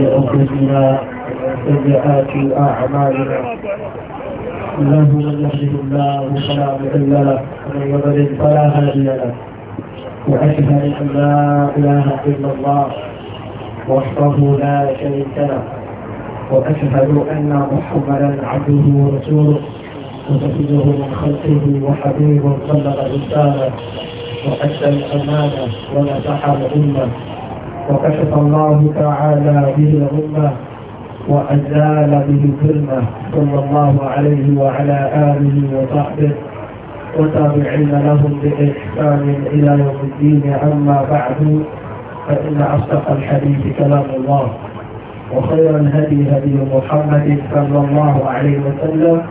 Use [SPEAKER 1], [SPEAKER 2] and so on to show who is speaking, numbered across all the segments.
[SPEAKER 1] أنفسنا سيئات أعمالنا له من يهده الله فلا مضل له ومن يضلل فلا هادي له وأشهد أن لا إله إلا الله وحده لا شريك له وأشهد أن محمدا عبده ورسوله وسيده من خلقه وحبيبه بلغ رسالة وأدى الأمانة ونصح الأمة وكشف الله تعالى به الغمة وأزال به الظلمة صلى الله عليه وعلى آله وصحبه وتابعين لهم بإحسان إلى يوم الدين أما بعد فإن أصدق الحديث كلام الله وخير الهدي هدي محمد صلى الله عليه وسلم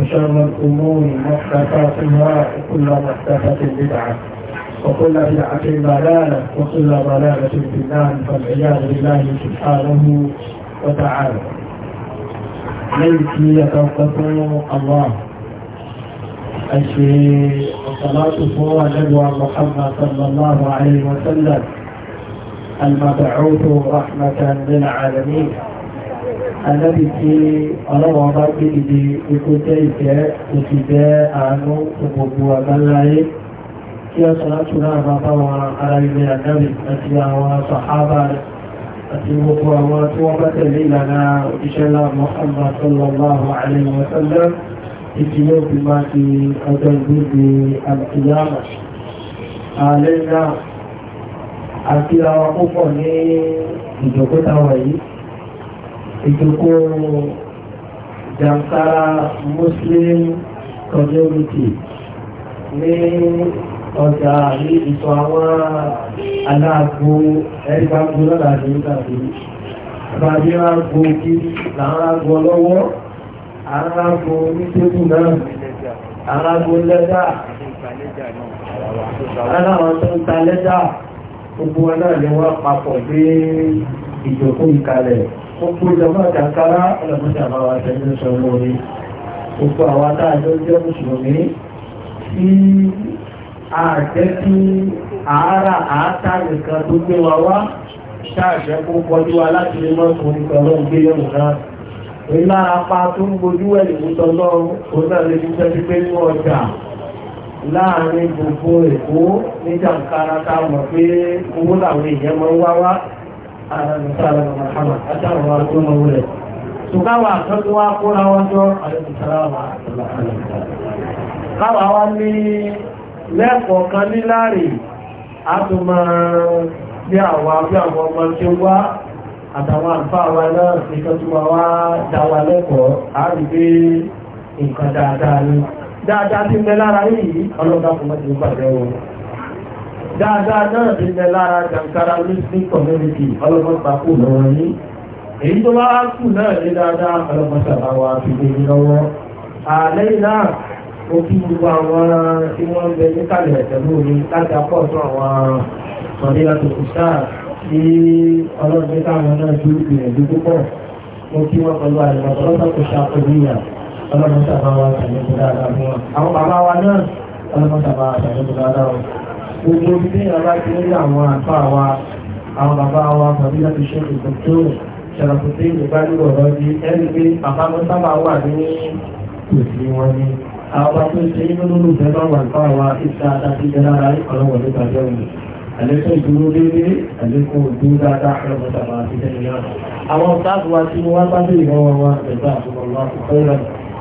[SPEAKER 1] وشر الأمور محدثاتها وكل محدثة بدعة وكل بدعة ضلالة وكل ضلالة في النار فالعياذ بالله سبحانه وتعالى ليس يتوقفون الله الشيء والصلاة هو ندوى محمد صلى الله عليه وسلم المبعوث رحمة للعالمين الذي في روضة بإيكوتيك وفداء عنه وقبوة الله سنأتنا فطوى على ابن أدب أتيا وصحابة أتي بطوى وتوبة لنا إشلا محمد صلى الله عليه وسلم إتيو بما في أدب القيامة علينا أتيا وقفني إجوكو تاوي إجوكو جانسارا مسلم community ni ọjà ní ìtọ̀ àwọn aláàgbò ẹgbàgbò lọ́la ní ìgbàgbò ìbàdí àgbò kí làwọn àgbò lọ́wọ́ àgbò onítẹ́kù náà àgbò lẹ́dà aláwọn tó ń ta lẹ́dà gbogbo wọn náà ni wọ́n papọ̀ gbé ìjòkó ìkalẹ̀ gbogbo ìjọba àjàkárá ọlọ́mọdé àbáwá tẹ́lẹ̀ sọ lórí gbogbo àwọn táàjọ jẹ́ mùsùlùmí àjẹ́ kí àárà àátà nìkan tó gbé wa wá ṣáàṣẹ́ kó kọjú wa láti lè mọ́ orí pẹ̀lú ìgbé lẹ́nu náà ìlára pa tó ń gbojú ẹ̀lì mútọ́ lọ́rùn ó náà lè fi tẹ́sí pé ní ọjà láàrin gbogbo èkó ní jàǹkára ta mọ̀ pé owó làwọn èèyàn mọ́ wá wá ara nìsára mọ̀hánà àtàwọn agbóhùn rẹ̀ ṣùgbọ́n àtọ́jú wa káwà wá ní lẹ́kọ̀ọ̀kan níláàrí a tó máa bí àwọn àbí àwọn ọmọ tí ó wá àtàwọn àǹfààní wa náà nìkan tó máa wá dá wa lẹ́kọ̀ọ́ a rí pé nǹkan dáadáa ni dáadáa ti mẹ́ lára yìí ọlọ́dà kò mọ́tò pàdé o dáadáa náà ti mẹ́ lára Jamkara Muslim community ọlọ́gbọ́n pàkó mo kí gbogbo àwọn tí wọ́n ń bẹ níkàlẹ̀ pẹ̀lú mi láti apọ̀ fún àwọn sọ̀dé láti kù sáà tí ọlọ́run ní káwọn náà ju ìrìnàjò púpọ̀ mo kí wọ́n pẹ̀lú àìmọ̀ ọlọ́run kò ṣàkóso ìyà ọlọ́run sábà wà sàlẹ̀kù dáadáa fún wọn. àwọn bàbá wa náà ọlọ́run sábà wà sàlẹ̀kù dáadáa wọn. gbogbo ibi tí ìyàrá ti ní àwọn àfa wa àwọn bàbá wa tàbí láti ṣe ìkòtò ṣàlàkùtì ìbálòpọ̀ ọ̀rọ̀ di ẹni pé bàbá mi sábà wà ní òsì wọn ni àwọn tó ṣe inú lórí ìfẹ́ bá wà fún àwa iṣẹ́ àdáṣe jẹ́ lára ìkọlọ́wọ̀ nípa jẹun àlékún ìdúró déédé àlékún ìdúró dáadáa ọlọ́wọ́ tàbá àti jẹ́nu náà àwọn ọ̀táàbù wa tí wọ́n bá lè lọ́wọ́ wa ẹ̀gbẹ́ àtúnwọ̀lọ́ àkọ́kọ́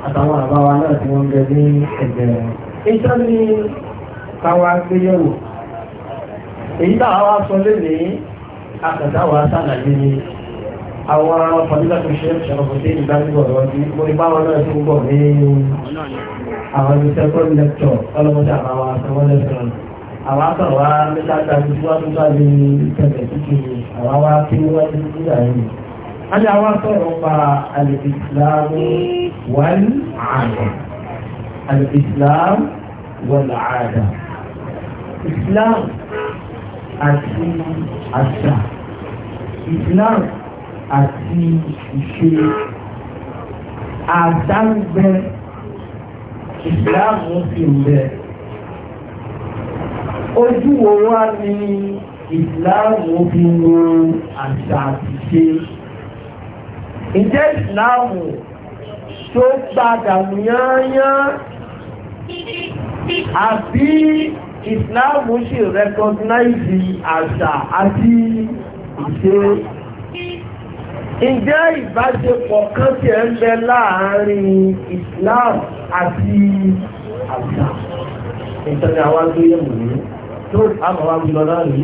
[SPEAKER 1] àtàwọn àbá wa náà tí wọ́n ń bẹ ní ẹgbẹ́ wọn. ni káwa gbéyẹ̀wò èyí àwọn fàdílà tó ṣe ṣàròkòtè ìdájọ́ ọ̀rọ̀ ní mo ní báwọn náà tó ń bọ̀ ní àwọn ní second lecture ọlọ́mọdé àwọn àtàwọn lecture àwọn àtàwọn wa mẹ́ta dájú tí wọ́n tún bá lè tẹ̀lé títí àwọn wa kí wọ́n ti kú dà yìí. a ní àwọn sọ̀rọ̀ pa alìsìláàmù wal àdà alìsìláàmù wal àdà ìsìláàmù àti àṣà ìsìláàmù àti ìṣe àdáńgbẹ ìsìláàmù fi ń bẹ ojú wo wá ní ìsìláàmù fi ń wo àṣà àtìṣe ǹjẹ́ ìsìláàmù tó gbàdà yányán àbí ìsìláàmù sì rẹkọgnáìsì àṣà àti ìṣe ǹjẹ́ ìbáṣepọ̀ kan tí ẹ ń bẹ láàárín Islam àti àṣà ìtọ́ni àwọn agbóyẹ̀mù ní tó àmọ́ wa gbìlọ náà rí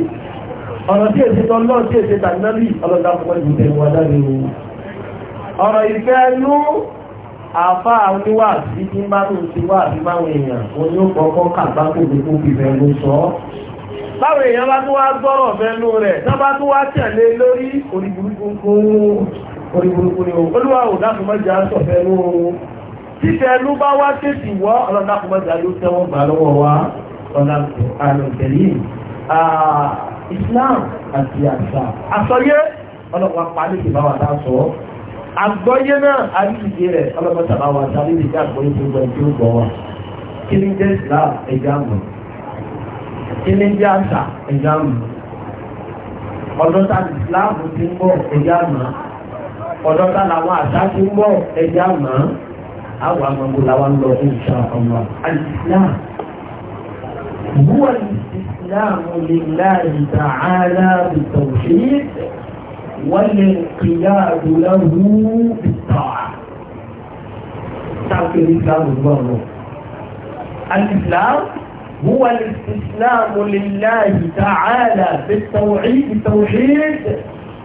[SPEAKER 1] ọ̀rọ̀ tí èsì tán náà tí èsì tàn náà rí ọlọ́dà púpọ̀ ìlú tẹ̀lé wa dáre o ọ̀rọ̀ báwọn èèyàn bá tún wá gbọ́rọ̀ fẹ́nu rẹ̀ tán bá tún wá tẹ̀lé lórí oríburúkú ni o olúwa ò dákùnmọ́jà sọ fẹ́nu o títẹ̀ ló bá wá tètè wọ́ ọlọ́dákùnmọ́jà ló tẹ́wọ́n gbà lọ́wọ́ wa ọ̀nà àlùkẹ̀lì Islam àti àṣà àsọyé ọlọ́pàá pàdé ìbáwà dáṣọ́ àgbọ́yé náà àríkìdé rẹ̀ ọlọ́pàá tàbáwà tàbí ìdíjà àgbọ́yé tó gbọ́ ẹjọ́ gbọ́ wa kí ní jẹ́ Islam ẹjọ́ àmọ́ ilé jẹ́ àṣà ẹ̀yà mọ̀ ọ̀dọ́ tá láàbù ti ń bọ̀ ẹ̀yà mọ̀ ọ̀dọ́ tá làwọn àṣà ti ń bọ̀ ẹ̀yà mọ̀ àwọn àgbàgbò làwọn ń lọ ìṣà ọmọ alìsílám wọ́n الإسلام لله تعالى بالتوحيد والانقياد له بالطاعة تعطي الإسلام الله الإسلام هو الاستسلام لله تعالى بالتوحيد التوحيد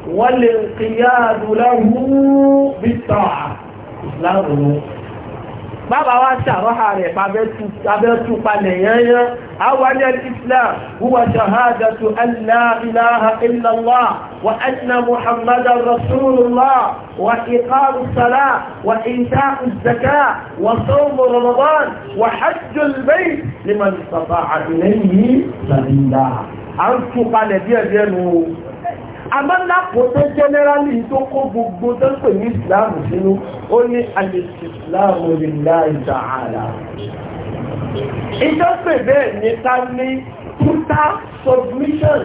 [SPEAKER 1] والانقياد له بالطاعة إسلامه bàbá wa ṣàrọ́hà rẹ̀ pàbẹ́ tú palẹ̀ yányán àwọn islam huwa shahadatu an la ilaha illallah wa anna muhammadan rasulullah wa iqamu salah wa ita'u zakah wa sawmu ramadan wa hajjul bayt liman istata'a ilayhi sabila an tú palẹ̀ díẹ̀ díẹ̀ nù amọ́lápò tó jẹ́nẹ́rálì tó kó gbogbo tó pè ní ìsìláàmù sínú ó ní alìsìláàmù lillahi ta'ala ìjọ́pẹ̀ bẹ́ẹ̀ ní ká ní púta submission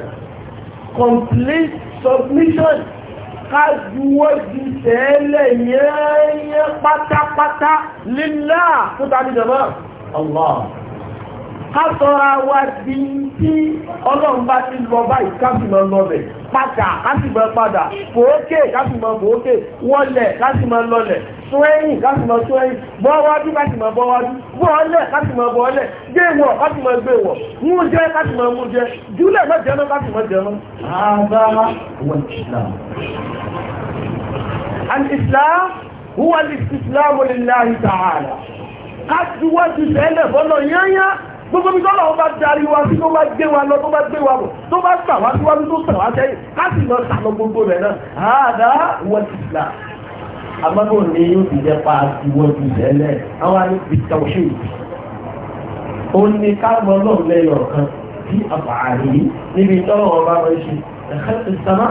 [SPEAKER 1] complete submission ká juwọ́ ju tẹ́lẹ̀ yẹ́yẹ́ pátápátá lílá tó tàbí jọmọ́ Allah ha wa di tí ọlọ́run bá ti lọ báyìí kásìmọ̀ lọlẹ̀ pàkà kásìmọ̀ padà fòókè kásìmọ̀ fòókè wọlẹ̀ kásìmọ̀ lọlẹ̀ sọ́yìn kásìmọ̀ bọ́wájú kásìmọ̀ bọ́wájú bọ́ọ̀lẹ̀ kásìmọ̀ bọ́ọ̀lẹ̀ gbéwọ̀ kásìmọ̀ gbéwọ̀ kásìmọ̀ júlẹ̀ kásìmọ̀ gbogbo bí tọ́lọ̀ ọba darí wa sí tó bá gbé wa lọ tó bá gbé wa bọ̀ tó bá sà wá síwájú tó sà wá sẹ́yìn ká sì lọ sà lọ gbogbo rẹ̀ náà àdá wọ́n ti là àmọ́bò yóò ti jẹ́ pa ìwọ́jú tẹ́lẹ̀ àwọn àti ìtàwọ̀ṣù ó ní káàbọ̀ lọ́ọ̀ lẹ́yọ̀ kan sí àbàárí níbi tọ́lọ̀ ọba rẹ̀ ṣe ẹ̀kẹ́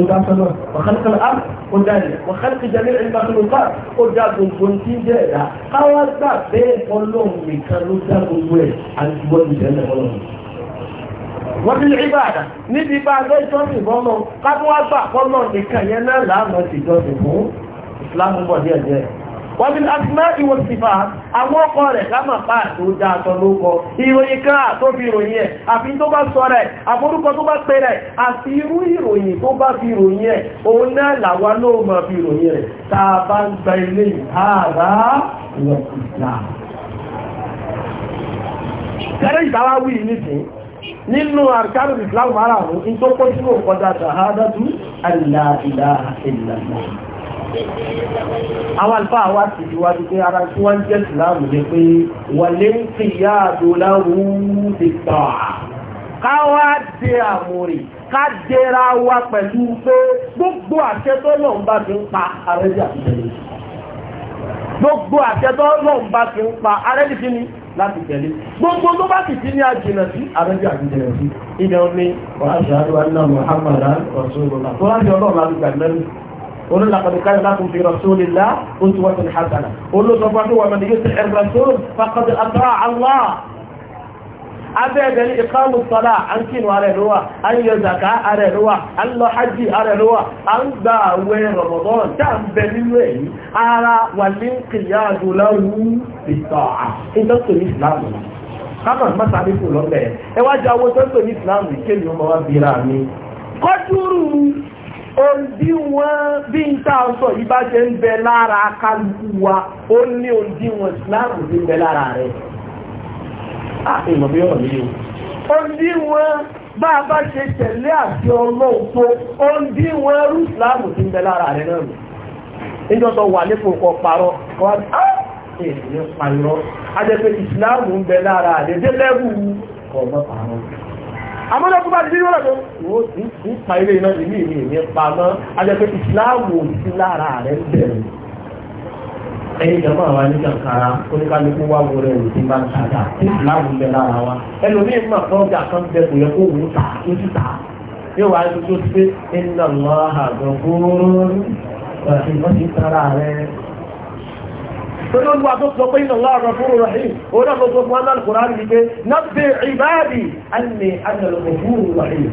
[SPEAKER 1] nǹkan sọ́nà wàhálàkàlà á ó dáyẹ wàhálàkà jẹ́lẹ̀ ìgbàlódà ó dá gbogbo tí jẹ́ ẹ̀dá káwá gbà bẹ́ẹ̀ ọlọ́run nìkan ló dá gbogbo ẹ̀ àdúgbò ìjẹ́lẹ̀ ọlọ́run wọ́n ti rí bàdà níbi bá a lọ́jọ́ mi bọ́lọ́ káwá gbà bọ́lọ́ nìkan yẹn náà láàmú ti jọ wọ́n bí asmá ìwọ̀n sífà àwọn ọkọ̀ rẹ̀ lámà pa tó dáàtọ̀ ló kọ ìròyìn káà tó fi ìròyìn ẹ̀ àfi tó bá sọ rẹ̀ àforúkọ tó bá pẹ́ rẹ̀ ìdáwà wí nìsín nínú àrkánù ìsìláàmù márààrún in tó kọ́ sínú ọ̀pọ̀ dáadáa àìlà ìlà ìlànà àwọn alfáà wá sí ìwájú pé ara tí wọ́n jẹ́ ìsìláàmù ní pé wà lè ń fi ìyá àdólá rúúdì tàà ká wá dé àmúrì ká dẹ́ra wa pẹ̀lú pé gbogbo àṣẹ́tọ́lọ̀ ń bá fi ń pa arẹ́dì àtìtẹ̀lé gbogbo àṣẹ́tọ́lọ̀ ń bá fi ń láti tẹ̀lé gbogbo tó bá sì sí ní àjìnà sí arẹ́dì àtìtẹ̀lé sí ilẹ̀ omi ọ̀rọ̀ àṣà náà Muhammadu rasulullah tó láti ọlọ́run láti قل لقد كان لكم في رسول الله أسوة حسنة قل له صفاته ومن يطع الرسول فقد أطاع الله أبدا إقام الصلاة أنكن على روا أن يزكى على روا أن حج على روا أن داوي رمضان تنبلوه على والانقياد له بالطاعة إن تبتل إسلام كما ما تعرفوا لهم إيه واجه أول تبتل إسلام كل يوم وابيرا kọjúrú òǹdí wọn bí n tá a sọ yìí bá ṣe ń bẹ lára kálukú wa ó ní òǹdí wọn ìsìláàmù ti ń bẹ lára rẹ̀ ah, òǹdí wọn bá a bá ṣe tẹ̀lé àti ọlọ́run tó òǹdí wọn ẹrú ìsìláàmù ti ń bẹ lára rẹ̀ náà níjọ́ sọ wà nípò kọ parọ́ kọ́ èèyàn pàrọ̀ a jẹ́ pé ìsìláàmù ń bẹ lára rẹ̀ délẹ́rù ọ̀gbọ́n àmọ́lẹ́ tó bá ti dín lọ́dọ̀ wọ́n ti ti pa ilé iná ìlú ìlú ìní pamọ́ ajẹ́pẹ́ ìsìláàmù sí lára rẹ̀ ń bẹ̀rẹ̀ ẹ̀yin ìjọba àwa ní kankara oníkálukú wà wọlé òun ti bá ń tajà tí ìsìláàmù bẹ lára wa ẹlòmíín mà kọ́ ọjà kan bẹ kò yẹ kó wù ú tà ó sì tà yóò wá ní tó ti pé iná lọ́hà gbọ̀ngbọ̀n wọ́n ti tara rẹ̀ torí olúwa tó sọ pé iná láàrọ̀ fúrú rahim òun náà tó sọ fún anáà kùrá rí pé nọ́bẹ̀ ìbáàdì alẹ́ anàlọ́kọ̀ fúrú rahim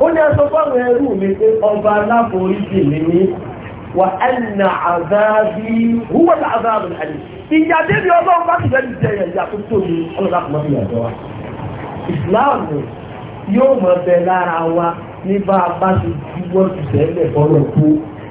[SPEAKER 1] ó ní ẹsọ fáwọn ẹrú mi pé ọba aláforíjì mi ní wà ẹnà àzáàbí wúwọ́ ní àzáàbí alẹ́ ìyá débi bá ti fẹ́ jẹ ìyá tó tóbi ní bá a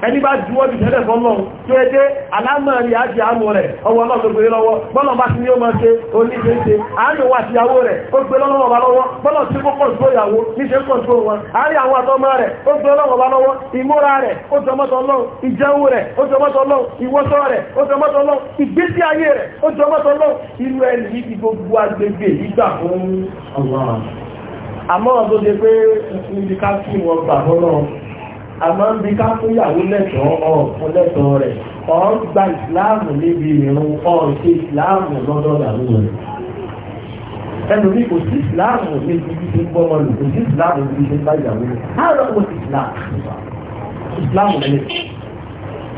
[SPEAKER 1] ẹni bá juwọ́ jù tẹ́lẹ̀ fọ́lọ́ tó ẹ́ dé alámọ̀rí àti àmú rẹ̀ ọwọ́ ọlọ́run gbé lọ́wọ́ bọ́lọ̀ bá ti ní ó máa ṣe oníṣeéṣe àárín wà sí ìyàwó rẹ̀ ó gbé lọ́wọ́ bá lọ́wọ́ bọ́lọ̀ tí kò kọ̀ǹtó ìyàwó níṣe kọ̀ǹtó wọn àárín àwọn àtọ́mọ́ rẹ̀ ó gbé lọ́wọ́ bá lọ́wọ́ ìmúra rẹ̀ ó jọmọ́tọ̀ lọ́wọ́ ìjẹun rẹ̀ ó jọmọ́tọ̀ lọ́wọ́ ìwọ́sọ rẹ̀ ó jọmọ́tọ̀ àmọ́ ọ̀dọ́ de pé ibi ká kí wọn gbà fọ́lọ́run àmọ́ ń bí ká fún ìyàwó lẹ́tọ̀ọ́ ọ̀ọ̀kan lẹ́tọ̀ọ́ rẹ̀ ọ̀ ń gba ìsìláàmù níbi ìrún ọ̀ọ̀ṣe ìsìláàmù lọ́dọ̀ ìyàwó rẹ̀ ẹnu ní kò sí ìsìláàmù ní ibi tí ń gbọ́ ọmọ lò kò sí ìsìláàmù ní ibi tí ń bá ìyàwó rẹ̀ á lọ kó sí ìsìláàmù ìsìláàmù lẹ́yìn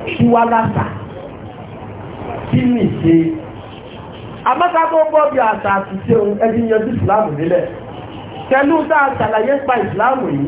[SPEAKER 1] kí wá láta kí ní ṣe àmọ́ta tó gbọ́ bí àṣà àtúnṣe ẹni yanjú ìsìláàmù nílẹ̀ pẹ̀lú tá a ṣàlàyé pa ìsìláàmù yìí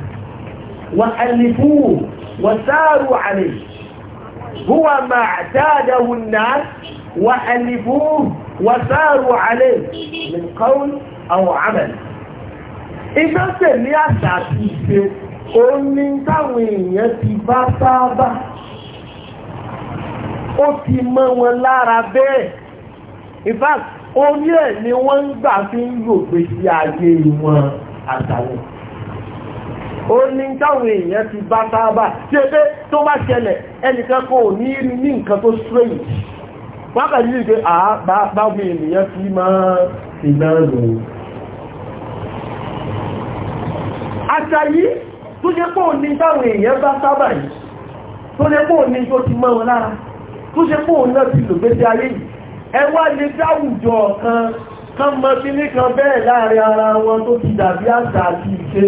[SPEAKER 1] وألفوه وساروا عليه هو ما اعتاده الناس وألفوه وساروا عليه من قول أو عمل ìgbẹ́ tẹ̀lé àṣà àti ìṣe oní táwọn èèyàn ti bá sáábà ó ti mọ́ wọn lára bẹ́ẹ̀ in orí ẹ̀ ni wọ́n ń gbà fi ń lò gbèsè ayé wọn àtàwọn ó ní táwọn èèyàn ti bá sáábà tí é pé tó bá ṣẹlẹ̀ ẹnìkan kò ní rí ní nǹkan tó straight wákà ní ìgbé àbábí ènìyàn fi máa ìgbà rò àṣàyí tó jẹ́ pọ̀ ní táwọn èèyàn bá sáábà yìí tó jẹ́ pọ̀ ní tó ti mọ́ wọn lára tó jẹ́ pọ̀ náà ti lògbé sí ayé yìí ẹwà lè dáwùjọ kan kán mọ́ sí ní kan bẹ́ẹ̀ láàrin ara wọn tó ti dàbí àṣà àti ìṣe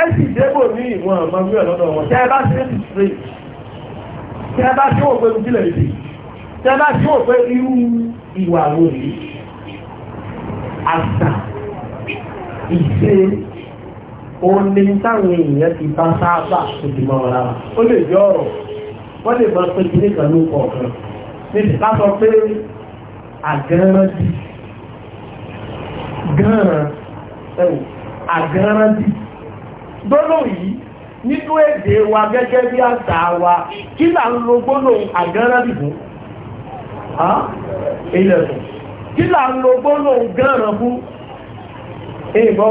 [SPEAKER 1] ẹ̀sì débò ní ìwọ̀n ọmọ mú ẹ̀ lọ́dọ̀ wọn tẹ́ẹ̀bá sí èsì èèyàn ti bá sáábà tó mọ́ ọ̀la ó lè jẹ́ ọ̀rọ̀ wọ́n lè máa pé kí ní kan ló kọ̀ọ̀kan níbi ká sọ àgánran ẹ̀wò àgánran dì gbọ́nà yìí nínú èdè wa gẹ́gẹ́ bí àṣà wa kí là ń lo gbọ́nà àgánran dì fún ilẹ̀kùn kí là ń lo gbọ́nà gánran fún èèbọ̀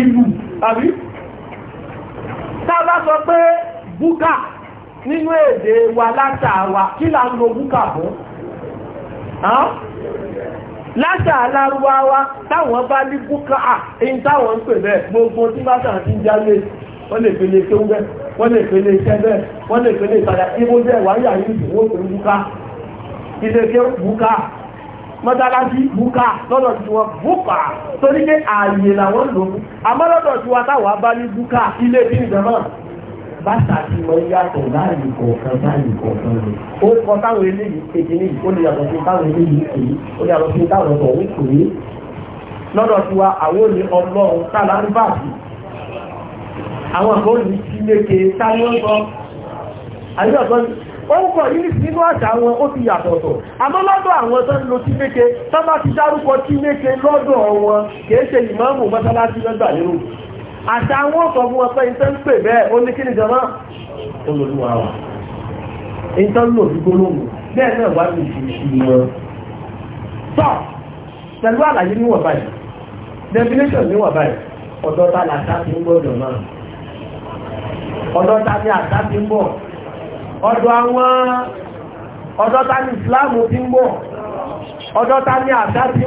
[SPEAKER 1] ìlú àbí tábá sọ pé búkà nínú èdè wa látàwà kí là ń lo búkà fún látà alárúwáwá táwọn bá ní búkà táwọn ń pè bẹ́ẹ̀ gbogbo tí bá tàn sí jálè wọ́n lè fele tó ń bẹ́ wọ́n lè fele iṣẹ́ bẹ́ẹ̀ wọ́n lè ibo jẹ́ wáyà tó ń búkà ilé búkà búkà lọ́dọ̀ tí wọ́n búkà torí pé ààyè làwọn lòun àmọ́ lọ́dọ̀ tí wọ́n táwọn bá ilé bí ìjọba bàtà tí mo ń yàtọ̀ báyìí kọ̀ọ̀kan báyìí kọ̀ọ̀kan rẹ̀. ó kọ táwọn eléyìí kejì ní ó lè yàtọ̀ sí táwọn eléyìí kì ó yàtọ̀ sí táwọn ọ̀tọ̀ òun kò ní. lọ́dọ̀ tí wa àwọn olè ọlọ́run tààlà ń bàtì àwọn àbọ̀ òní sí léke táwọn ń sọ. àyè ọ̀tọ̀ ni orúkọ yìí nínú àṣà wọn ó ti yàtọ̀tọ̀ àmọ́ lọ́dọ̀ àwọn tó ń lo tí méke tó bá ti dárúkọ tí méke lọ́dọ̀ wọn kìí ṣe ìmáàmù mọ́sálásí lọ́gbà nínú àtàwọn sọ fún ọpẹ́ bẹ́ẹ̀ ó jọmọ́ olùlúwa wà ìtẹ́ ń bẹ́ẹ̀ náà wá ní pẹ̀lú àlàyé báyìí definition níwọ̀n báyìí ọ̀dọ́ ta ti ń bọ̀ jọmọ́ ọ̀dọ́ ni àṣà ti ń ọ̀dọ́ ti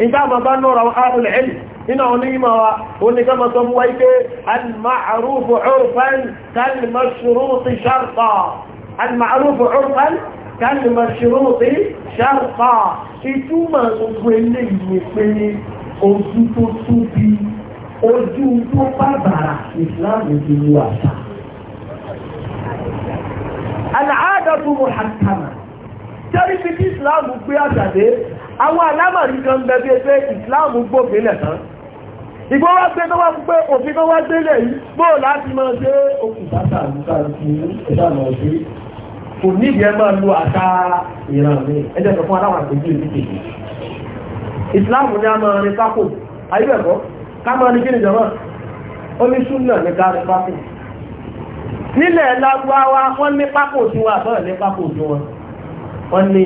[SPEAKER 1] ان ذا بان رواء العلم ان علم وان كما سمويك إيه؟ المعروف عرفا كالمشروط شرطا المعروف عرفا كالمشروط شرطا ثم تقولني مني اوتو توبي اوتو بابارا اسلام الدين العاده محكمه jẹ́rí fi kí ìsìláàmù gbé àjàdé àwọn alámàrí kan bẹ̀bẹ̀ pé ìsìláàmù gbòfin lẹ̀tán ìgbó wá pé tó wá pé òfin kan wá délẹ̀ yìí bóò láti máa ṣe okùn sáta àbúkà sí ìdáná ọ̀sẹ̀ kò nídìí ẹ máa lo àṣà ìran mi ẹjẹ́ sọ fún aláwọ̀ àpèjú ìlú kejì ìsìláàmù ni a máa rin sákò ayébẹ̀kọ́ ká máa ní kíni jọ̀mọ́ ó ní súnà ní ká rin sákò nílẹ̀ lágbáwá wọ́n ní pákó wọ́n ní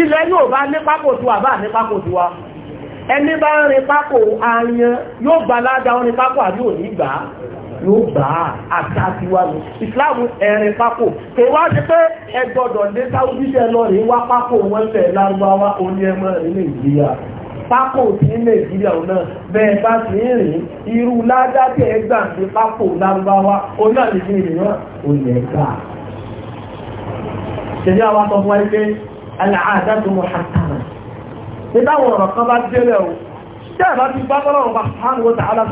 [SPEAKER 1] ilẹ̀ yóò bá ní pápò tí wà bá ní pápò tí wà ẹni bá ń rin pápò ayan yóò gbà ládá orin pápò àbí òní gbà yóò gbà àtà ti wà ní ìsìláàmù ẹ̀rin pápò kò wá sí pé ẹgbọ́dọ̀ ní sáwọ́díṣẹ́ lọ rí wá pápò wọn fẹ̀ lárúbáwá oní ẹmọ ní nàìjíríà pápò tí ní nàìjíríà ò náà bẹ́ẹ̀ bá ti ń rìn irú ládá tẹ̀ gbà pápò lárúbáwá oní àlejò ìrìnà ò ṣẹ̀dí àwọn sọ fún ẹgbẹ́ aláàdájú mọ̀ ṣàtàmà nítàwọn ọ̀rọ̀ kan bá jẹ́rẹ̀ o jẹ́ bá ti bá tọ́rọ̀ ọ̀pá hàn wọ́n tààlá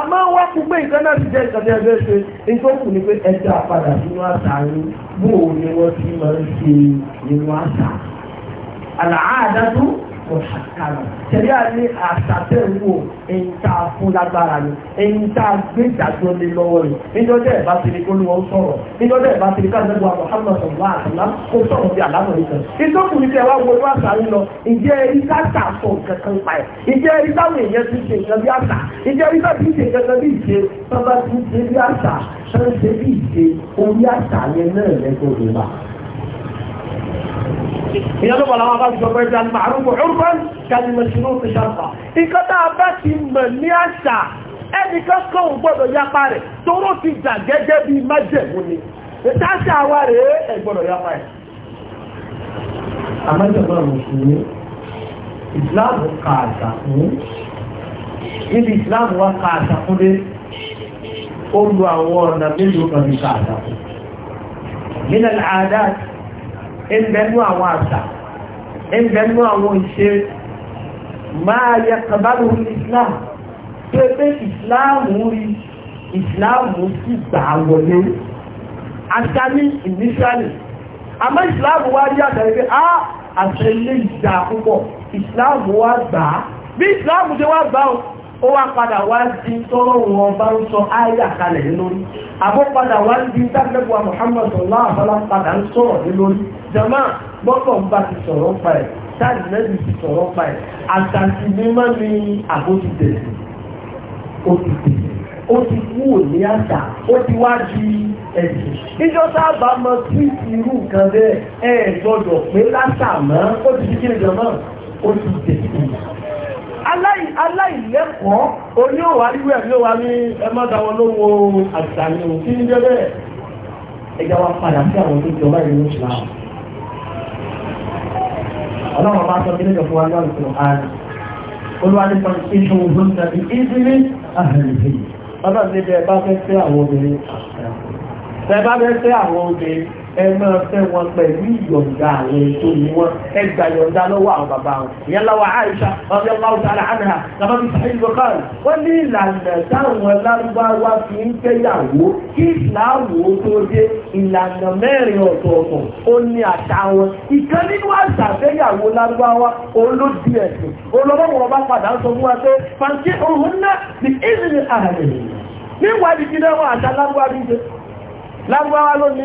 [SPEAKER 1] Allah Allah ti jẹ́ ẹgbẹ́ ṣe pé ẹjọ́ àpadà bóò ni wọ́n ọ̀ṣàkàrà tẹ̀lé àní àṣàtẹ̀wò ẹ̀ńtà fúnlágbára ni ẹ̀ńtà gbẹ̀dàjọ́ lé lọ́wọ́ rẹ̀ níjọ́jẹ́ ẹ̀bá ti ní kólúwọ́ sọ̀rọ̀ níjọ́jẹ́ ẹ̀bá ti ní kájọ́gbọ́ àmọ́hàmọ́sọ̀ wà àtàlá ó sọ̀rọ̀ bí àlámọ̀ nìkan ìtọ́kùnrin tẹ wá wọlé àṣà ń lọ ìjẹ́ ìta tà sọ nǹkan kan pa ẹ̀ ìjẹ́ ìta wọ̀ èèyàn ti ṣe nǹkan bí àṣà ìjẹ́ ìta ti ṣe nǹkan bí ìṣe bàbá ti ṣe bí àṣà ṣe ń ṣe bí ìṣe orí àṣà yẹn náà lẹ́gbọ̀n ìyẹn ló bọ̀lá wọn bá sọ pé ìjà màrúkú urban kàlìmọ̀ sínú ti ṣàpà nǹkan tá a bá ti mọ̀ ní àṣà ẹnìkan kan ò gbọ́dọ̀ yapa rẹ̀ tóró ti jà gẹ́gẹ́ bí májẹ̀mú ni ìtaṣà wa rèé ẹ̀ gbọ́dọ̀ yapa ẹ̀. àmájọba mùsùlùmí ìsìláàmù ka àwọn ọ̀nà mélòó kan ní ka nínú àdáàtì ẹnbẹ̀nú àwọn àṣà ẹnbẹ̀nú àwọn ìṣe máa yẹ kàbálù islam tó pé islam rí islam sì gbà wọlé àṣà ní initially àmọ́ islam wá rí àtàrí pé á àṣà ilé ìjà púpọ̀ islam wá gbà bí islam ṣe wá gbà ó wá padà wá di tọ́rọ wọn bá ń sọ ayé àkàlẹ̀ lórí àbó padà wá di dágbẹ́gbà Muhammad sallallahu alaihi wasallam padà ń sọ̀rọ̀ ní lórí jama gbọ́dọ̀ ń bá ti sọ̀rọ̀ pa ẹ̀ táàdì lẹ́bi ti sọ̀rọ̀ pa ẹ̀ àtàtì mímọ́ ni àbó ti tẹ̀lé ó ti tẹ̀lé ó ti kú òní àṣà ó ti wá di ẹ̀sìn níjọ́ sábà mọ sí irú nǹkan bẹ́ẹ̀ ẹ̀ gbọ́dọ̀ pé láṣà mọ́ ó ti aláìlẹ́kọ̀ọ́ oníòwà ríwẹ̀ ní òwà ní ẹmọ́dáwọn lówó àṣàyàn tí ní bẹ́ẹ̀ ẹjá wa padà sí àwọn tó jọba ìlú islam ọlọ́run bá sọ nílẹ̀ fún wa ní ọ̀rùn fún ààrẹ olúwarí pàṣípéṣọ òhun tàbí ìdílé àhẹ̀lẹ̀fẹ̀ ọlọ́run ní bẹ́ẹ̀ bá fẹ́ fẹ́ àwọn obìnrin ẹ máa fẹ́ wọn pẹ̀lú ìyọ̀ǹda àwọn ètò ni wọn ẹ gba ìyọ̀ǹda lọ́wọ́ àwọn bàbá wọn ìyẹn lọ́wọ́ Àìṣà ọ̀bẹ ọ̀la ọ̀tà àlàáhà lọ́wọ́ bí sàyìn bọ́kàrì wọ́n ní ìlànà táwọn lárúbáwá fi ń fẹ́yàwó kí ìsìláàwò tó dé ìlànà mẹ́rin ọ̀tọ̀ọ̀tọ̀ ó ní àṣà wọn ìkan nínú àṣà fẹ́yàwó lárúbáwá olódì ẹ̀sìn olọ́wọ́ bá padà sọ fún wa pé fàǹkì òhun náà ní ìrìn àárẹ̀ níwájú kí náà wọn àṣà lárúbáwá ló ní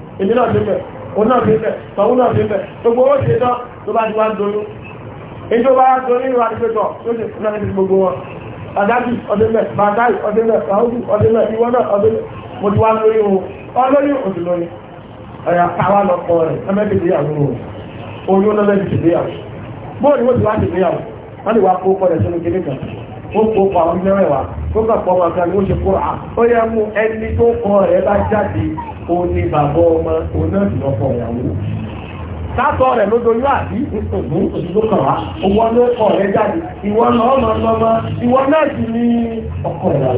[SPEAKER 1] èmi náà débẹ̀ òun náà débẹ̀ tọ̀hún náà débẹ̀ gbogbo ó ṣe tán tó bá ti wá ń doyún èyí tó bá ń doyún ìwà ti pẹ̀tọ̀ yóò ṣe fún ẹni gbogbo wọn adájú ọdẹ́mẹ̀ bàtáì ọdẹ́mẹ̀ sàúdù ọdẹ́mẹ̀ ìwọ náà ọdẹ́mẹ̀ mo ti wá lóyún o ọlọ́yún òsì lóyún ọ̀yà káwá lọ kọ rẹ̀ ẹmẹ́tẹ̀ẹ́yàwó oyún lọ́lẹ́tẹ̀ẹ́yàwó bóòlù mo ti wá tẹ̀ẹ́yàwó wọ́n lè wá kó kọ́ rẹ̀ sínú kékeré kan wọ́n kó pa àwọn mẹ́rẹ̀wà tó kà pọ̀ màkà ni ó ṣe kúrò yẹ mú ẹni tó kọ rẹ̀ bá jáde òun ní bàbá ọmọ òun náà ìyàwó sátọ rẹ ló àbí rẹ jáde ìwọ náà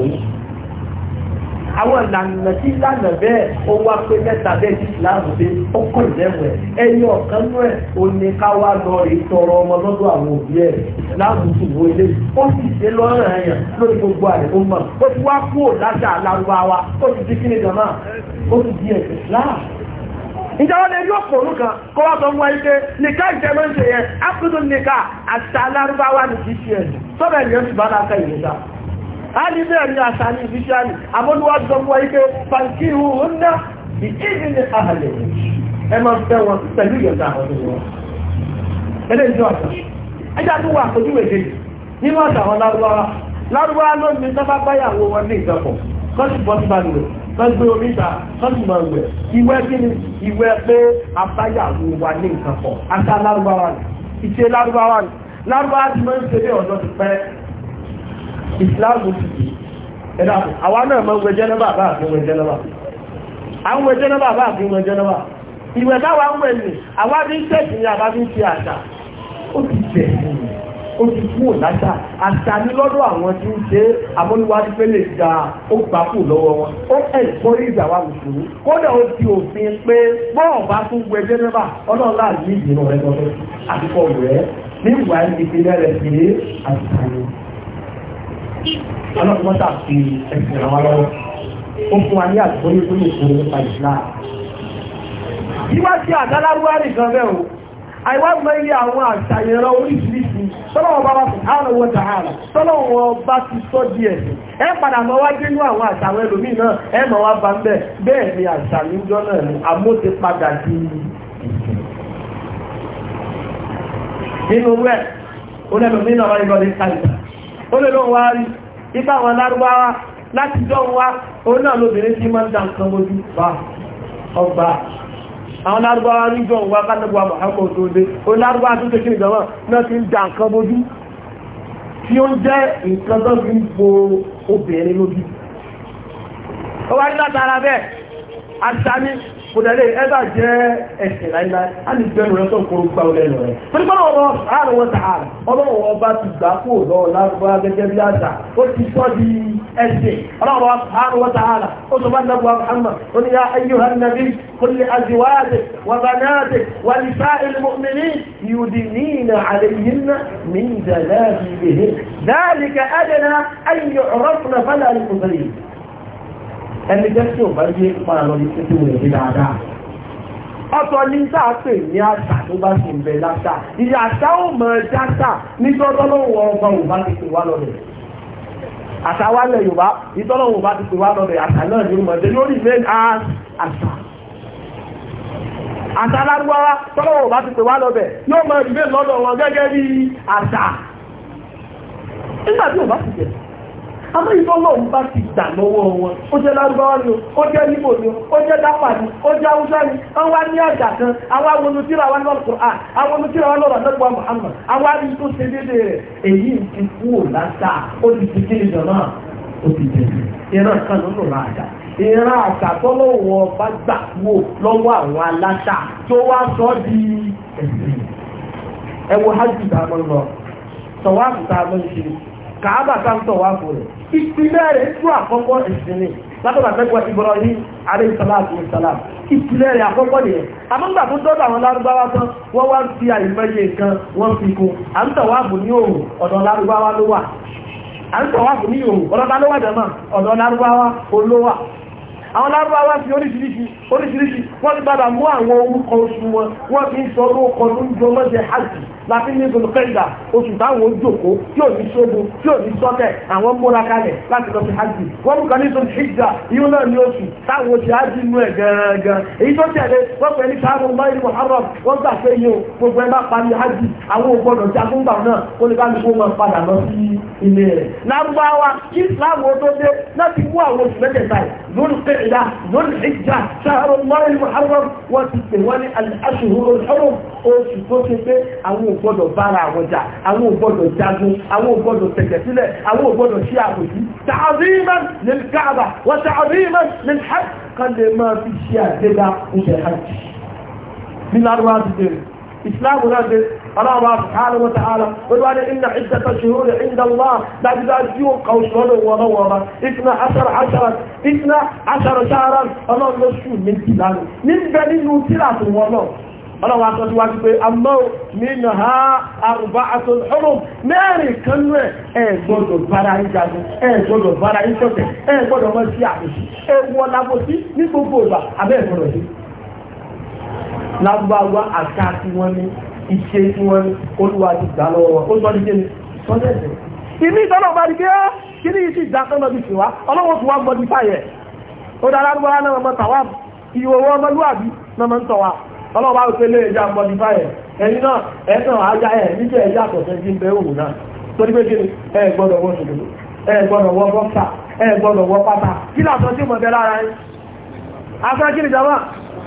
[SPEAKER 1] àwọn ìlànà tí ìlànà bẹ́ẹ̀ ó wá pé mẹ́ta bẹ́ẹ̀ tí ìlànà pé ó kọ̀ ìlẹ́wẹ̀ ẹyọ ọ̀kan náà ò ní ká wá lọ rí tọrọ ọmọ lọ́dọ̀ àwọn òbí ẹ̀ láàbù tù wọ ilé ó sì ṣe lọ́rùn ẹ̀yàn lórí gbogbo àrẹ ó mọ̀ ó ti wá kúrò láṣà alárúbáwá ó ti di kíni jọ̀mọ́ ó ti di ẹ̀sìn láà ìjọba lè yóò pọ̀ lókan kọ́ wá sọ fún wa nìka ìjẹ́mọ́ ń yẹn ápùtù nìka àti alárúbáwá ni kì í ṣe ẹ̀sìn sọ́dọ̀ ẹ̀yàn ti bá láǹkà ìrẹsà a ní bẹ́ẹ̀ ni àṣà ní ìfíṣàlì àmọ́lúwà jọmọ́ ike pàǹkì ìhùn náà ìdí ní àhàlẹ̀ ẹ máa fẹ́ wọn pẹ̀lú ìyọ̀dá àwọn ọmọ ẹlẹ́ ìjọ àṣà ẹjá tó wà fojú èdè nínú àṣà àwọn lárúbáwá lárúbáwá ló ní sábà báyàwó wọn ní ìjọpọ̀ kọ́sì bọ́sì bá lùwẹ̀ kọ́sì gbé omi ìta kọ́sì máa wẹ̀ ìwẹ́ kí ni ìwẹ́ pé abáyàwó wa ní ìjọpọ̀ àṣà lárúbáwá ni ìṣe lárúbáwá ni lárúbáwá ti máa ń ṣe bí ọ̀dọ́ ti pẹ́ ìsìláàmù ti yìí ẹ̀dá àwa náà mọ́ wẹ jẹ́nẹ́bà bá àfin wẹ jẹ́nẹ́bà àwọn wẹ jẹ́nẹ́bà bá àfin wẹ jẹ́nẹ́bà ìwẹ̀ táwa ń wẹ̀ ní àwa ní tẹ̀sí ni àbá fi ń ṣe àṣà ó ti jẹ̀ ó ti kú òláṣà àṣà ní lọ́dọ̀ àwọn tí ń ṣe amóníwájú pé lè da ó gbà kù lọ́wọ́ wọn ó ẹ̀ kọ́rí ìjà wa mùsùlùmí kódà ó di òfin pé bọ́ọ̀ bá tún wẹ jẹ́nẹ́bà ọlọ́run láàrin ìdìbò rẹ̀ lọ́dọ̀ àti kọ̀ rẹ̀ níwàá ìdíje rẹ̀ sí àṣà ọlọ́run mọ́ta fi ẹ̀sìn àwọn lọ́wọ́ ó fún wa ní àgbóyé tó lè fún nípa ìsìláà níwájú àdáláwá nìkan bẹ́ẹ̀ o àìwá mẹ́rin àwọn àṣàyẹ̀rọ oríṣiríṣi tọ́lọ́wọ́ bá wá fún àwọn ọwọ́ tààrà tọ́lọ́wọ́ bá ti sọ díẹ̀ ẹ padà mọ́ wá dé ní àwọn àṣàwọn ẹlòmíì náà ẹ mọ̀ wá bá ń bẹ̀ bẹ́ẹ̀ ni àṣà níjọ́ náà ni àmóde padà di nínú rẹ̀ onílẹ̀mí náà wáyé lọ́dẹ́ ó lè lóun wá rí ipa na alárúbáwá láti jọ wá òun náà lóbìnrin tí máa ń dá nǹkan mojú bá ọgbà àwọn lárúbáwá ní jọ wá kánàbù tó dé ó tó tẹ́kì nìgbàmọ́ kòdàlẹ̀ ẹbà jẹ́ ẹ̀sẹ̀ láìláì a lè bẹ̀rù rẹ̀ tó kòrò gbà olè lọ rẹ̀. torí pọ́nà ọ̀rọ̀ ààrùn wọn tààrà ọlọ́run ọba ti gbà kó lọ lárúbá gẹ́gẹ́ bí àṣà ó ti sọ́ di ẹ̀sẹ̀ ọlọ́run ààrùn wọn tààrà ó sọ bá nàbù Muhammad ó ní ya ayyuhan nabi kulli azwaajik wa banaatik wa nisaa'il mu'minin yudinina alayhinna min jalabibihin dhalika adna an yu'rafna fala yu'dhayna ẹni jẹ́ tí ò bá yé padà lọ ní títí wò ní dáadáa ọ̀tọ̀ ní sáàpè ní àṣà tó bá sì ń bẹ láṣà ìyá àṣà ò mọ̀ ẹ́ jáṣà nítorọ́lọ́wọ́ ọgbà ò bá ti pè wá lọ rẹ̀ àṣà wa lẹ̀ Yorùbá nítorọ́wọ́ bá ti pè wá lọ rẹ̀ àṣà náà ní mọ̀ ẹ́ lórí ìfẹ́ àṣà àṣà alárúwárá tọ́lọ́wọ́ bá ti pè wá lọ́bẹ̀ yóò mọ̀ ìgbé lọ́dọ̀ wọn gẹ́gẹ́ bí àṣà nígbà tí ò bá ti bẹ̀rẹ̀ àmọ́ ìfọ́lọ̀ ń bá ti dà lọ́wọ́ wọn ó jẹ́ lárúbáwá ni ó jẹ́ níbò ni ó jẹ́ dápà ni ó jẹ́ ni wọ́n wá ní kan àwọn awolotira wa lọ́rọ̀ Qur'an àwọn olotira wa lọ́rọ̀ lọ́gbà Muhammad àwọn àrí tó ṣe déédé rẹ̀ èyí ti kú ò lásà ó ti ti kí ó ti ìran kan ló lò láàjà ìran bá gbà di ẹ̀sìn ẹ̀wọ̀ hajj a ka tá ń tọ̀ wá fún rẹ̀ ìpìlẹ̀ rẹ̀ tú àkọ́kọ́ ìsinmi látọ̀dà mẹ́gbọ́ Ibrahim wasalam ìpìlẹ̀ rẹ̀ àkọ́kọ́ nìyẹn amúgbà tó dọ́dọ̀ àwọn lárúbáwá tán wọ́n wa ń fi àìmọye ihe wọ́n wọn kún à ń tọ̀ wá ọdọ ní òòrùn àwọn lárúbáwá fi oríṣiríṣi oríṣiríṣi wọ́n ti padà mú àwọn orúkọ oṣù wọn wọ́n fi ń sọ orúkọ tó ń jọ mọ́jẹ hajj láti ní olùkẹ́jà oṣù táwọn òjòkó tí ò ní ṣógun tí ò ní sọ́kẹ̀ àwọn múra kalẹ̀ láti lọ sí hajj wọ́n mú kan ní sọ́dún hijja ìhun náà ní oṣù táwọn oṣù hajj inú ẹ̀ gẹ́gẹ́ èyí tó tẹ̀lé wọ́n pẹ̀ ní sáàmù báyìí muharram wọ́n gbà pé yìí o gbogbo ẹ bá parí hajj àwọn ògbọ́dọ̀ tí a fún gbà náà ó lè kálukú máa padà lọ sí ilé rẹ̀ lárúbáwá kí islam ó tó dé láti mú àwọn oṣù mẹ́tẹ̀ẹ̀ta yìí lórí pé القعدة ذو الحجة شهر الله المحرم وتتواني الأشهر الحرم oṣùgbọ́sẹ̀ pé àwọn ò gbọ́dọ̀ bára àwọn jà àwọn ò gbọ́dọ̀ jagun àwọn ò gbọ́dọ̀ tẹ̀tẹ̀ sílẹ̀ àwọn ò gbọ́dọ̀ ṣe àbòsí ta'ziman lil Ka'bah wa ta'ziman lil hajj kan lè máa fi ṣe àgbéga oṣù hajj ní lárúbá ti bẹ̀rẹ̀ ìsìláàmù náà dé ọlọ́ọ̀bá sàánù wọ́n tààlà olúwa ní iná ìdẹ́ta ṣòro ní ìdánwà dájúdájú yóò kà oṣù lọ́nà wọ́nà wọ́nà ìtìna aṣara aṣara ìtìna aṣara ṣára ọlọ́run ló ṣù méjì lánàá níbẹ̀ nínú tíra tó wọ́n náà ọlọ́wọ́ aṣọ tí wá ti pé àmọ́ nínú ha àrùbá aṣọ ọ̀rọ̀ mẹ́rin kan ní ẹ̀ gbọ́dọ̀ bára ń jagun ẹ̀ gbọ́dọ̀ bára ń ṣọ̀tẹ̀ ẹ̀ gbọ́dọ̀ mọ́ sí àbòsí ẹ̀ wọ́n lábòsí ní gbogbo ìgbà abẹ́ ìgbọ́dọ̀ sí lágbàwá àṣà tí wọ́n ní ìṣe tí wọ́n ní olúwa ti gbà lọ́wọ́ ó sọ dídé ni sọ́dẹ̀ẹ̀dẹ̀ ìmí ìtọ́nà bá di pé ó kí ní ìṣì ìjà tọ́nà bí ṣe wá ọlọ́wọ́ tó wá gbọ́ di fàyẹ̀ ó dára lọ́wọ́ náà mọ́ tàwa ìwò wọn ọmọlúwàbí náà mọ́ ń tọ̀ wá ọlọ́wọ́ bá pé lé ẹja gbọ́ di fàyẹ̀ ẹ̀yin náà ẹ̀sán ajá ẹ̀ níjẹ́ ẹja àtọ̀tẹ́ sí bẹ́ òun náà torí pé kí ni ẹ gbọ́dọ̀ wọ ṣòkòtò ẹ gbọ́dọ̀ wọ bọ́ksà ẹ gbọ́dọ̀ wọ pátá kí làtọ́ sí mọ̀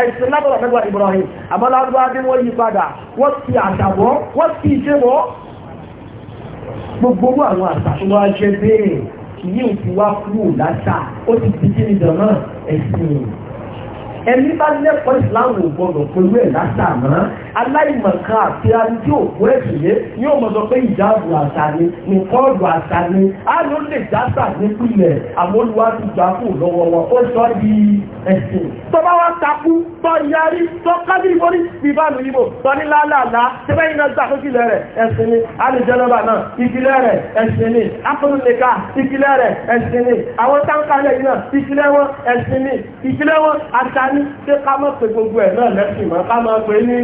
[SPEAKER 1] ẹ̀sìn lábọ̀rọ̀ mẹ́gbà Ibrahim àbọ́lágbà bí wọ́n yí padà wọ́n ti àṣàbọ́ wọ́n ti ìṣẹ́bọ́ gbogbo àwọn àṣàṣọ́ ajẹ́ bẹ́ẹ̀ yíò ti wá kúrò láṣà ó ti di kí náà ẹ̀sìn ẹni bá lẹ́kọ̀ọ́ ìsìláàmù gbọdọ̀ pẹ̀lú ẹ̀ lásà mọ́ aláìmọ̀kan àti ẹni tí òkú ẹ̀sìn yé ni ó mọ̀tọ́ pé ìjáàbù àṣà ni nǹkan ọ̀dọ̀ àṣà ni a ló lè dáṣà nípìnlẹ̀ àwọn olùwàdìgbà kù lọ́wọ́ wọn ó sọ di ẹ̀sìn. tó bá wá takú tó yarí tó kábí ìborí ìbánu ìbò tó ní lálàlá tẹ́fẹ́ iná gbà tó kílẹ̀ rẹ̀ ẹ̀sìn ni alìjẹnàbà náà ìkìlẹ̀ rẹ̀ ẹ̀sìn ni akọ́nulẹ̀ka ìkìlẹ̀ rẹ̀ ẹ̀sìn ni àwọn táǹkà ní pé ká má pe gbogbo ẹ̀ náà lẹ́sìn mọ́ ká má pe ní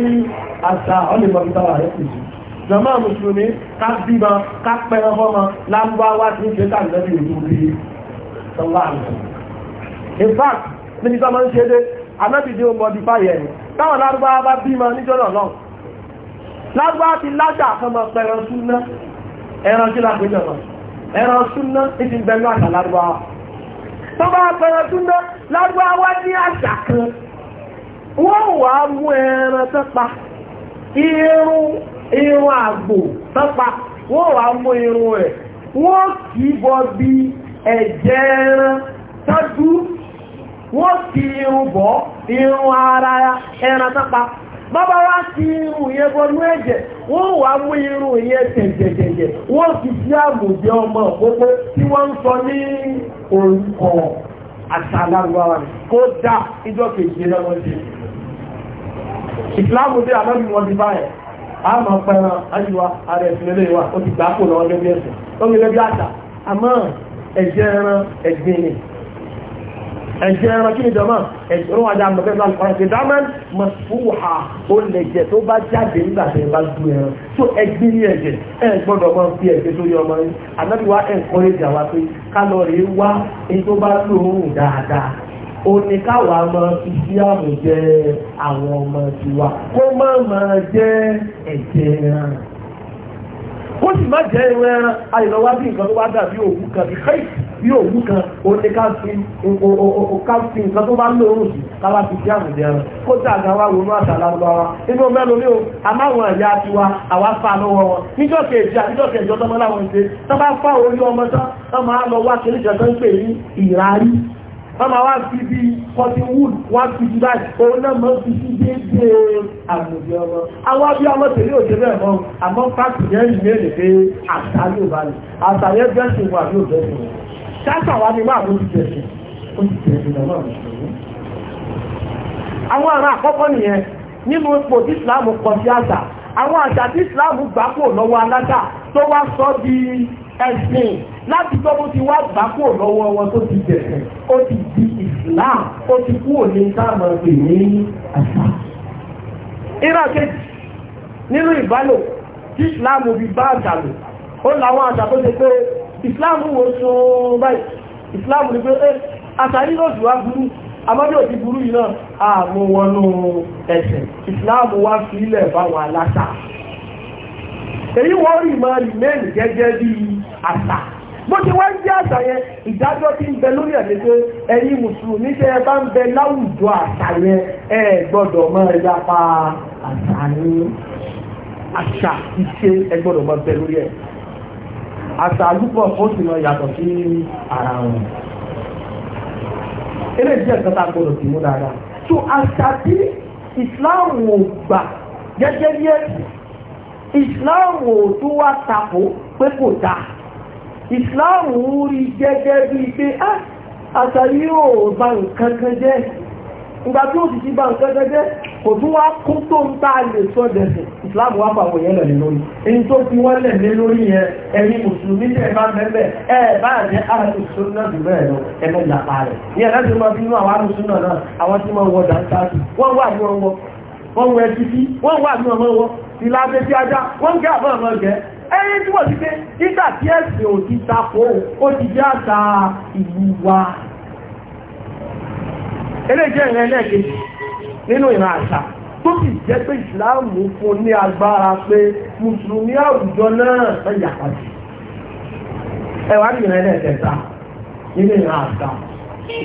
[SPEAKER 1] àṣà ọ̀lẹ́mọ̀bíbáwà lẹ́sìn jù jọmọ́ mùsùlùmí ká bímọ ká pẹ́rẹ́ fọ́mọ lágbáwá tí ń ṣe káàkiri ìlú bí sọ́lá àmì in fact níbi sọ́mọ́ ń ṣe dé anábìdí ó modify ẹ̀ táwọn lárúbáwá bá bímọ níjọ́nà náà lárúbáwá ti lájà fọmọ pẹ̀rẹ̀ súnná ẹran kí lápẹjọba ẹran súnná ìtìgbẹ́nu àtàlárúbáwá tó bá pẹ̀rẹ̀ súnná lágbàáwá ní àṣà kan wọ́n wà mú ẹran tọ́pa irun irun àgbò tọ́pa wọ́n wà mú irun ẹ̀ wọ́n kì í bọ bí ẹ̀jẹ̀ ẹran tọ́jú wọ́n kì irun bọ́ irun ara ẹran tọ́pa bàbá wa ti irun yẹn bọnú ẹ̀jẹ̀ wọ́n wàá mú irun yẹn tẹ̀jẹ̀jẹ̀jẹ̀ wọ́n fi sí àmùjẹ ọmọ òpópó tí wọ́n ń sọ ní orúkọ àtàlágbára kó dá ìjọ kejì lọ́wọ́ sí ìsìláàmù dé àlọ́ ìwọ̀n ti báyẹ̀ a mọ̀ pẹ̀rọ ajíwa ààrẹ ìfìlẹ̀lẹ̀ wa ó ti gbà kò lọ́wọ́ gẹ́gẹ́ ẹ̀sẹ̀ ó lẹ́bí àtà àmọ́ ẹ̀jẹ̀ ẹran ẹ̀gbìn ẹ̀jẹ̀ ẹran kí ni jọmọ ẹ̀jẹ̀ ló wà dá mọ̀ fẹ́ẹ́ lọ́wọ́ ẹ̀jẹ̀ dámán mọ̀ fúwà ó lè jẹ tó bá jáde nígbà tẹ̀ bá du ẹran tó ẹgbẹ́ ní ẹ̀jẹ̀ ẹ̀ gbọ́dọ̀ máa fi ẹ̀jẹ̀ tó yọ ọmọ yín ànábì wa ẹ̀ kọ́ pé kálọ̀rì wá èyí tó bá lóorùn dáadáa òní káwa máa fi sí àmì jẹ àwọn ọmọ tiwa kó má máa jẹ ẹ̀jẹ̀ kó sì má jẹ́ ẹran ẹran àìlọ́wá bí nǹkan tó wá dà bí òwú kan bí fẹ́ bí òwú kan ó ní ká fi nǹkan tó bá lóorùn sí káwá fi sí àmì ẹran kó dà wá ronú àtàlà wa inú mẹ́rin ní o àmáwọn ẹ̀yà ti wa àwa fa lọ́wọ́ wọn níjọ́ kejì àtijọ́ kẹjọ tọmọ láwọn ṣe tọ́ bá fá orí ọmọ tán tọ́ máa lọ wá kiri máa wá fi bí cotton wool wá fi bí báyìí òun náà máa fi sí déédéé àgbègbè ọmọ àwọn bí ọmọ tèmi ò débẹ̀ mọ́ àmọ́ pàtì yẹn ń yé lè pé àṣà yóò bá lè àṣà yẹn bẹ́ẹ̀ ṣe wà yóò bẹ́ẹ̀ ṣe ṣáṣà wa ni máa ló ti jẹ̀ṣẹ̀ ó ti jẹ̀ṣẹ̀ lọ́wọ́ àwọn ará àkọ́kọ́ nìyẹn nínú ipò tí ìsìláàmù kọ sí àṣà àwọn àṣà tí ìsìláàmù gbà kò lọ́wọ́ aláṣà tó wá sọ bíi ẹ̀sìn láti gbọ́ bó ti wá gbà kó lọ́wọ́ wọn tó ti bẹ̀rẹ̀ ó ti di Islam ó ti kú òní sáàmù pè ní àṣà. ìràkejì nínú ìbálò tí Islam fi bá àṣà lò ó làwọn àṣà tó ṣe pé Islam wo sun báyìí Islam ni pé eh, àṣà yìí lòdù wá burú àmọ́bí òtí burú yìí náà àmú wọnú ẹ̀sẹ̀ Islam wá sílẹ̀ báwọn aláṣà èyí wọ́n rí mọ́ rìmẹ́ẹ̀lì gẹ́gẹ́ bíi àṣà bó ti wá ń àṣà yẹn ìdájọ́ ti ń bẹ lórí ẹ̀ lédè ẹ̀yin mùsùlùmí ẹ bá ń bẹ láwùjọ àṣà yẹn ẹ gbọ́dọ̀ mọ́ ẹ pa àṣà ní àṣà ìṣe ẹ gbọ́dọ̀ mọ́ bẹ lórí ẹ̀ àṣà àlùpọ̀ ó sì sí ara wọn eléyìí nǹkan tá ìsìláàmù ń rí gẹ́gẹ́ bí pé ah, àṣà yóò bá nǹkan kan jẹ́ ìgbà tí ó sì ti bá nǹkan kan jẹ́ kò tún wá kó tó ń tá lè sọ dẹ̀sẹ̀ ìsìláàmù wá fàwọn èèyàn lẹ̀ lórí èyí tó fi wọ́n lẹ̀ lé lórí yẹn ẹ̀yin mùsùlùmí tẹ̀ bá mẹ́fẹ̀ ẹ̀ bá jẹ́ àrùn sunna jù bẹ́ẹ̀ lọ rẹ̀ ní ẹ̀rẹ́ tí wọ́n fi inú àwọn àrùn sunna náà àwọn tí wọ́n ẹni tí wọ́n ti pé nígbà tí ẹ̀sìn ò ti takò ó ti jẹ́ àṣà ìlú wa eléjẹ́ ìrìn ẹlẹ́ẹ̀kejì nínú ìran àṣà tó sì jẹ́ pé ìsìláàmù fún ní agbára pé mùsùlùmí àwùjọ náà fẹ́ yàpá sí ẹwà ní ìrìn ẹlẹ́ẹ̀kẹta nínú ìran àṣà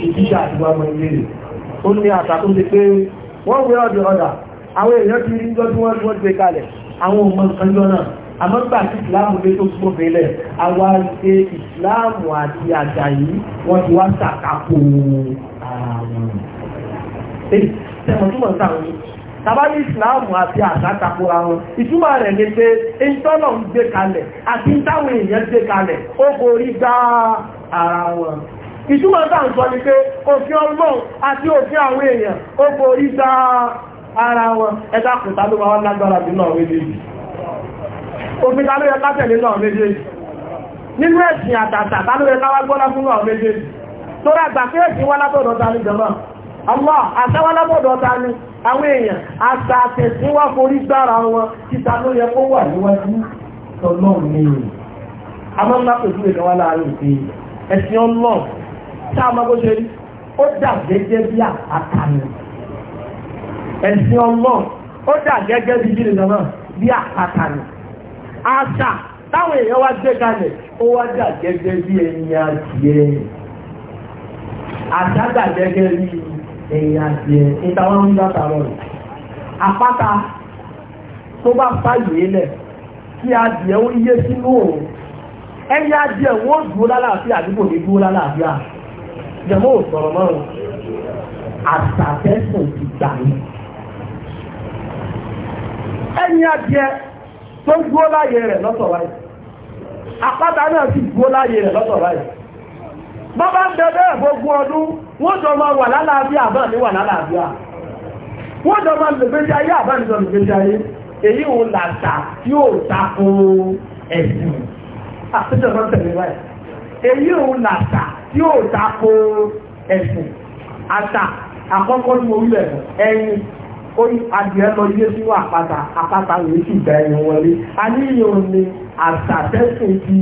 [SPEAKER 1] ìdíjà àtiwá ọmọ ilé rẹ̀ ó ní àṣà tó ti pé wọ́n wé ọ̀dọ̀ ọ̀dà àwọn èèyàn ti rí jọ́ tí wọ́n gbé kalẹ̀ àwọn ọmọ nǹkan náà àmọ́ gbà tí ìsìláàmù lé tó kúrò bẹ́lẹ̀ àwa ṣe ìsìláàmù àti àjà yìí wọ́n ti wá ṣàkàpọ̀ ara wọn. tẹ̀mọ̀túmọ̀ sáwọn tàbáyé ìsìláàmù àti àṣà takora wọn ìtumọ̀ rẹ̀ ni pé ìtọ́nà ń gbé kalẹ̀ àti táwọn èèyàn gbé kalẹ̀ ó borí gbá ara wọn ìtumọ̀ tá ń sọ ni pé òfin ọlọ́run àti òfin àwọn èèyàn ó borí gbá ara wọn ẹ̀dá kùtà ló máa wá lágbára jù náà wé lè yìí òfin ta ló yẹ ká tẹ̀lé náà méjèèjì nínú ẹ̀sìn àtàtà ta ló yẹ ká wá gbọ́lá fún náà méjèèjì tó rà gbà pé ẹ̀sìn wá látọ̀dọ̀ ta ní jọmọ́ ọmọ àtàwà látọ̀dọ̀ ta ní àwọn èèyàn àtà àtẹ̀sìn wá forí gbára wọn títa ló yẹ kó wà níwájú tọlọ́run ní ìlú àmọ́ ńlá pẹ̀lú ìkan ó dà gẹ́gẹ́ bí àkànì ẹ̀sìn ọlọ́run bí bí àṣà táwọn èèyàn wá gbé kalẹ̀ ó wá dà gẹ́gẹ́ bí ẹni adìẹ àṣà dà gẹ́gẹ́ bí ẹni adìẹ ìtawọ́n ń látàrọ̀ rẹ̀ àpáta tó bá fàyè lẹ̀ kí adìẹ ó yé sínú òun ẹni adìẹ wọ́n dúró lálàáfíà àdúgbò ní dúró lálàáfíà jẹ́mọ́ ò sọ̀rọ̀ mọ́rùn àṣà fẹ́sùn ti gbà ní ẹni adìẹ tó dúó láyé rẹ̀ lọ́tọ̀ báyìí àpáta náà sì dúó láyé rẹ̀ lọ́tọ̀ báyìí bọ́ bá ń bẹ̀rẹ̀ gbogbo ọdún wọ́n jọ máa wà lálàáfíà bá ní wà lálàáfíà wọ́n jọ máa lèbéjì ayé àbá nìjọ lèbéjì ayé èyí ò làtà tí ó tako ẹ̀sìn àtúnṣe tẹ̀lé báyìí èyí ò làtà tí ó tako ẹ̀sìn àtà àkọ́kọ́ ní orílẹ̀ ẹ̀yìn ó ní adìẹ lọ yé sínú àpáta àpáta rèé sì gba ẹyin wọlé àníyàn ni àtàtẹ́sìn ti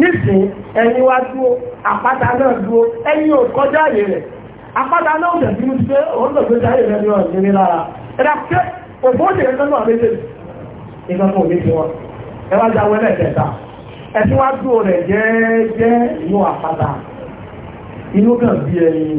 [SPEAKER 1] nísìn ẹyin wá dúró àpáta náà dúró ẹyin ò kọjá àyè rẹ̀ àpáta náà ò dẹ̀bí ní pé òun lọ gbéjà àyè rẹ̀ ní ọ̀sìn ní lára ẹ̀dá pé òbó òdè rẹ̀ lọ́nà méjèèjì nígbà tó ní ẹ wá jáwé lẹ́ẹ̀kẹta ẹ̀sìn wá dúró rẹ̀ jẹ́ẹ́jẹ́ inú àpáta inú kan bí ẹyin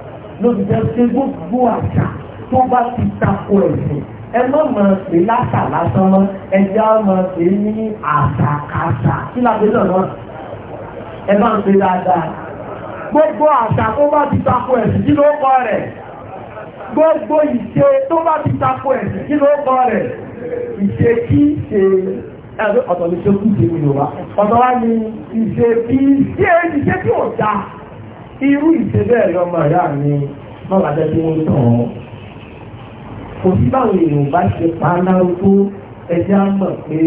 [SPEAKER 1] ló ti jẹ́ pé gbogbo àṣà tó bá ti tako ẹ̀sìn ẹ má máa pè láṣà lásán mọ́ ẹ jẹ́ á máa pè ní àṣàkáṣà kí láti lọ́nà ẹ má pè dáadáa gbogbo àṣà tó bá ti tako ẹ̀sìn kí ló kọ́ rẹ̀ gbogbo ìṣe tó bá ti tako ẹ̀sìn kí ló kọ́ rẹ̀ ìṣe kí ṣe ẹ̀rọ ọ̀tọ̀ lè ṣe kú ṣe mi lò wá ọ̀tọ̀ wá ní ìṣe kí ṣe ìṣe tí ò dáa irú ìṣẹ́bẹ̀ lọ́mọ ìyá mi mọ́wàá jẹ́ kí wọ́n tàn án kò sí báwọn èèyàn bá ṣe pa á lárúgbó ẹjẹ́ á mọ̀ pé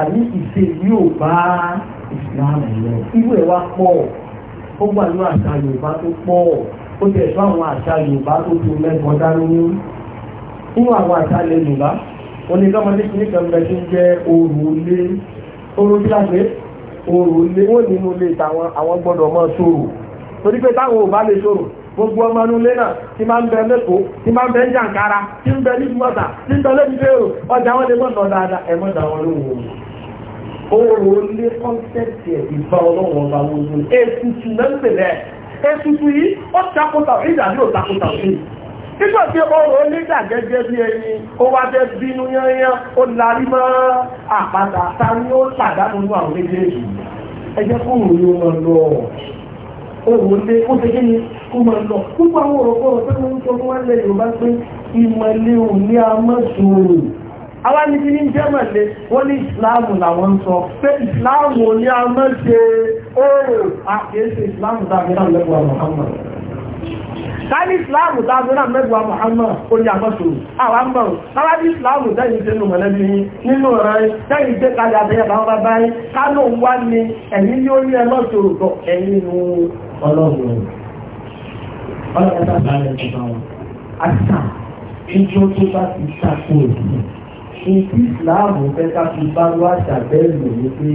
[SPEAKER 1] àní ìṣe yóò bá ìsìláàmù lọ irú ẹ̀ wá pọ̀ ó wà ní àṣà Yorùbá tó pọ̀ ó jẹ́ ìṣọ́ àwọn àṣà Yorùbá tó tó mẹ́gbọ́n dání nínú àwọn àṣà ilẹ̀ Yorùbá wọ́n ní kọ́mọdé kìíní kan bẹ tó ń jẹ́ òrò ilé òrò ilé òrò ilé wọ́n nínú ilé tàwọn àwọn gbọ́dọ̀ mọ́ sóòrò torí pé táwọn ò bá lè ṣòro gbogbo ọmọ inú lé náà tí máa ń bẹ lẹ́kọ̀ọ́ tí máa ń bẹ jàǹkára tí ń bẹ nígbàtà tí ń bẹ lẹ́gbẹ̀ẹ́ ọjà wọn lè mọ̀nà dáadáa ẹ̀mọ́dà wọn ló wò oòrò lé kọ́ńtẹ́ẹ̀tì ẹ̀ ìbá ọlọ́wọ́ ọba wọn ló ètùtù náà ń bẹ̀rẹ̀ ètùtù yìí ó takòtà ìdà ní òtakòtà òfin nígbà tí oòrò nígbà gẹ́gẹ́ bí ẹni ó wá jẹ́ bínú yányán ó larí mọ́ àpàtà ta ni ó pàdánù àwọn méjèèjì ẹ jẹ́ kóòrò yóò lọ lọ́ọ̀ ohun lé ó ṣe kí ni kó máa lọ púpọ̀ àwọn ọ̀rọ̀kọ̀rọ̀ tó ń sọ fún wálẹ̀ yorùbá pé ìmọ̀lẹ́ ò ní a máa ṣòro àwa ní kí ní jẹ́mọ̀lẹ́ wọ́n ní ìsìláàmù làwọn sọ pé ìsìláàmù ò ní a máa ṣe oòrùn àkíyèsí ìsìláàmù tàbí náà lẹ́gbọ̀ọ́ káàní ìsìláàmù dáadọ́ náà mẹ́gbàá Muhammad orí àmọ́sòrò àwọn àmọ́rò káàní ìsìláàmù dáyìí tẹ́nu mọ̀lẹ́bí yìí nínú ọ̀rọ̀ yìí dáyìí tẹ́ kalẹ̀ àtẹ́yẹ̀ bá wọ́n bá báyìí kánò wá ní ẹ̀yìn ní ó ní ẹlọ́sòrò tọ ẹ̀yìn nínú ọlọ́run ọlọ́run bá rẹ̀ tó bá wọn. àṣà ìjọ tó bá ti sàkó òsì ìtì ìsìláàmù fẹ́ ká fi bá wá ṣàbẹ́ẹ̀lì ní pé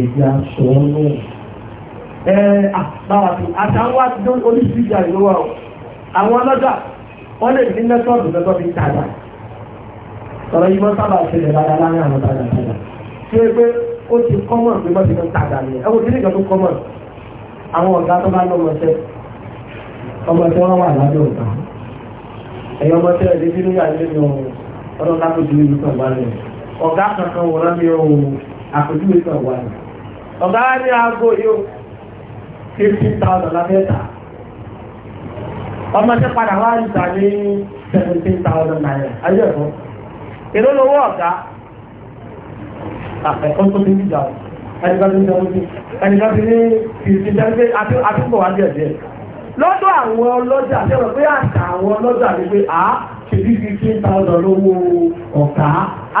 [SPEAKER 1] ẹ̀yà sọ̀rọ̀ náà. ẹ àbáwá ti àtàwọn àti oníṣìṣẹ́ ìlú wa o àwọn ọlọ́jà wọ́n lè ní mẹ́tọ́ọ̀dù lọ́tọ́ fi tàjà sọ̀rọ̀ yìí wọ́n sábà ṣẹlẹ̀ dáadáa láàrin àwọn tàjà tàjà tí ó pé ó ti kọ́mọ̀ pé wọ́n ti fi tàjà nìyẹn ẹ̀wọ̀n kí nìkan tó kọ́mọ̀ àwọn ọ̀gá tó bá lọ́mọṣẹ́ ọmọṣẹ́ wọn wà lábẹ́ ọ̀gá ẹ̀yọ́ ọmọṣẹ́ ẹ̀ débi níyà nínú ọdún lápòjú ìlú kan wà lẹ̀ ọ̀gá kankan wọ̀n lábẹ́ ohun àpòjú ìlú kan wà lẹ̀ ọ̀gá ní aago yóò fifteen thousand lábẹ́ ta ọmọ tí padà wá ń tà seventeen thousand naira ayé ẹ̀fọ́ èrò lówó ọ̀gá ah, ẹ̀kọ́ tó ti ń jà ẹnìkan tó ti ẹnìkan tó ní fifty seventeen àtúntò wá díẹ̀ díẹ̀ lọ́dọ̀ àwọn ọlọ́jà ṣe wọ́n pé àṣà àwọn ọlọ́jà ni pé a ṣe bí fifteen thousand lówó ọ̀gá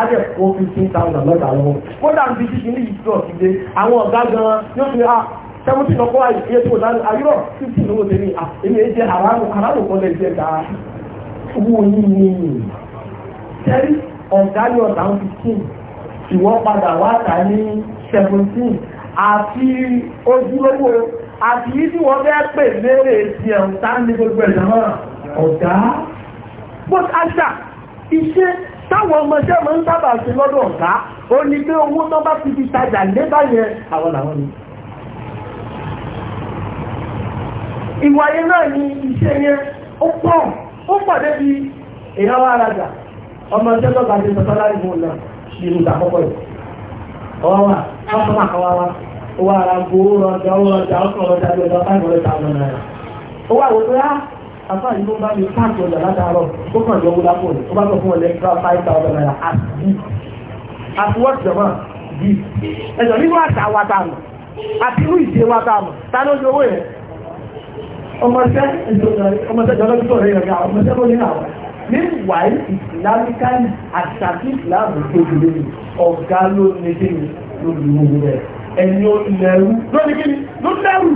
[SPEAKER 1] ajẹ́ kó fifteen thousand lọ́dà lọ́wọ́ kódà ní fifteen ní ìjọ ti dé àwọn ọ̀gá gan yóò fi ah, seventeen ọkọ àyè tó dáná ayọ̀ fifteen owó tèmi à èmi èjẹ aráàlú aráàlú kan lè jẹ dáa owó yín tẹ́lí ọ̀gá ní ọ̀dà fifteen ìwọ padà wá tà ní seventeen àti ojúlówó àti yìí wọ́n fẹ́ pè léèrè ti ẹ̀hún tá ní gbogbo ẹ̀dá náà ọ̀gá bọ́t àṣà iṣẹ́ táwọn ọmọọṣẹ́ máa ń sábà ṣe lọ́dọ̀ ọ̀gá ó ní pé owó tó bá fi fi tajà lébàyẹn àwọn làwọn ni. ìwàyé náà ni iṣẹ́ yẹn ó pọ̀ ó ìyáwó ọmọ náà àkọ́kọ́ ọwọ́ gbòó rọjà ó rọjà ó kàn rọjà ó ló bá mi ọjà ó kàn ọmọdé jọlọ́gbọ́ rẹ̀ yọ̀gá ọmọdé ló ní àwọn meanwhile islamical àṣàkí islam tó dúró ní ọ̀gá ló ní kí ni ló ní owó rẹ̀ ẹni ó lẹ́rú ló ní kí ni ló lẹ́rú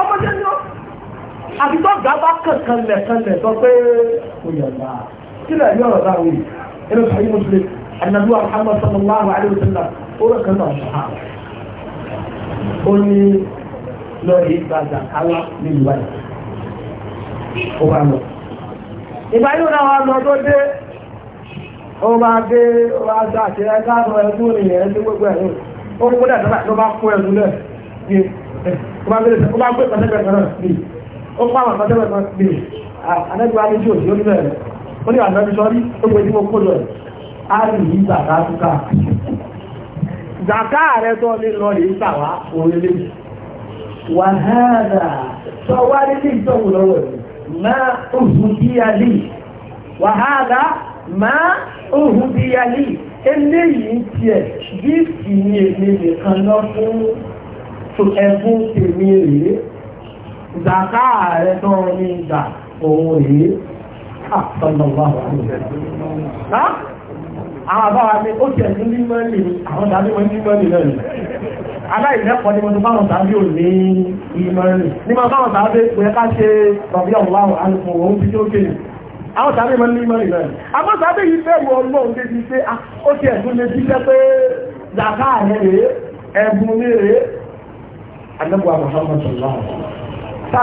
[SPEAKER 1] ọmọdé ní ó àbíkọ́ ọ̀gá bá kankanlẹ̀ kanlẹ̀ sọ pé kò yọ̀gá kí lẹ̀ yọ̀rọ̀ bá wí ẹni sọ yìí muslim anabi wa muhammad sallallahu alayhi wa sallam ó rẹ̀ kan náà sọ̀hà ó ní lọ́ọ̀rì ìgbàgbà káwá nílùú wáyé. ó lọ ìgbà yóò náà wà lọ tó dé ó bá dé ó bá dá àti ẹgbẹ́ àwọn ẹgbẹ́ ẹgbẹ́ gbogbo ẹ̀rọ ó kó dà sábà tó bá kó ẹrù lẹ̀ bí ó ó bá gbé pàtẹ́pẹ̀ kan náà bí ó kó àwọn pàtẹ́pẹ̀ bí wa ní tí òsì ó ní mo kó lọ yí zàkà ما أهدي لي وهذا ما أهدي لي eléyìí tiẹ̀ gíìtì ni èmi nìkan lọ fún ẹkún tèmi rèé zàká ààrẹ tó ní ìgbà òun rèé àtọ́nà wà wà ní ìgbà àwọn àbáwá pé ó tẹ̀ ní límọ́nì àwọn tàbí wọn ní límọ́nì náà ni aláìlẹ́pọ̀ ni mo ti báwọn tàbí ò ní ìmọ̀rìn ní ma báwọn tàbí pé ká ṣe tọ̀bí ọ̀wọ́ àlùkò òun ti tó kéde àwọn tàbí mọ́ ní ìmọ̀rìn náà àmọ́ tàbí yìí bẹ̀rù ọlọ́run débi pé ah, ó ti ẹ̀dùn lè jíjẹ́ pé zàká rẹ̀ ẹ̀bùn mi rẹ̀ anẹ́bùwà Muhammad sallallahu sáà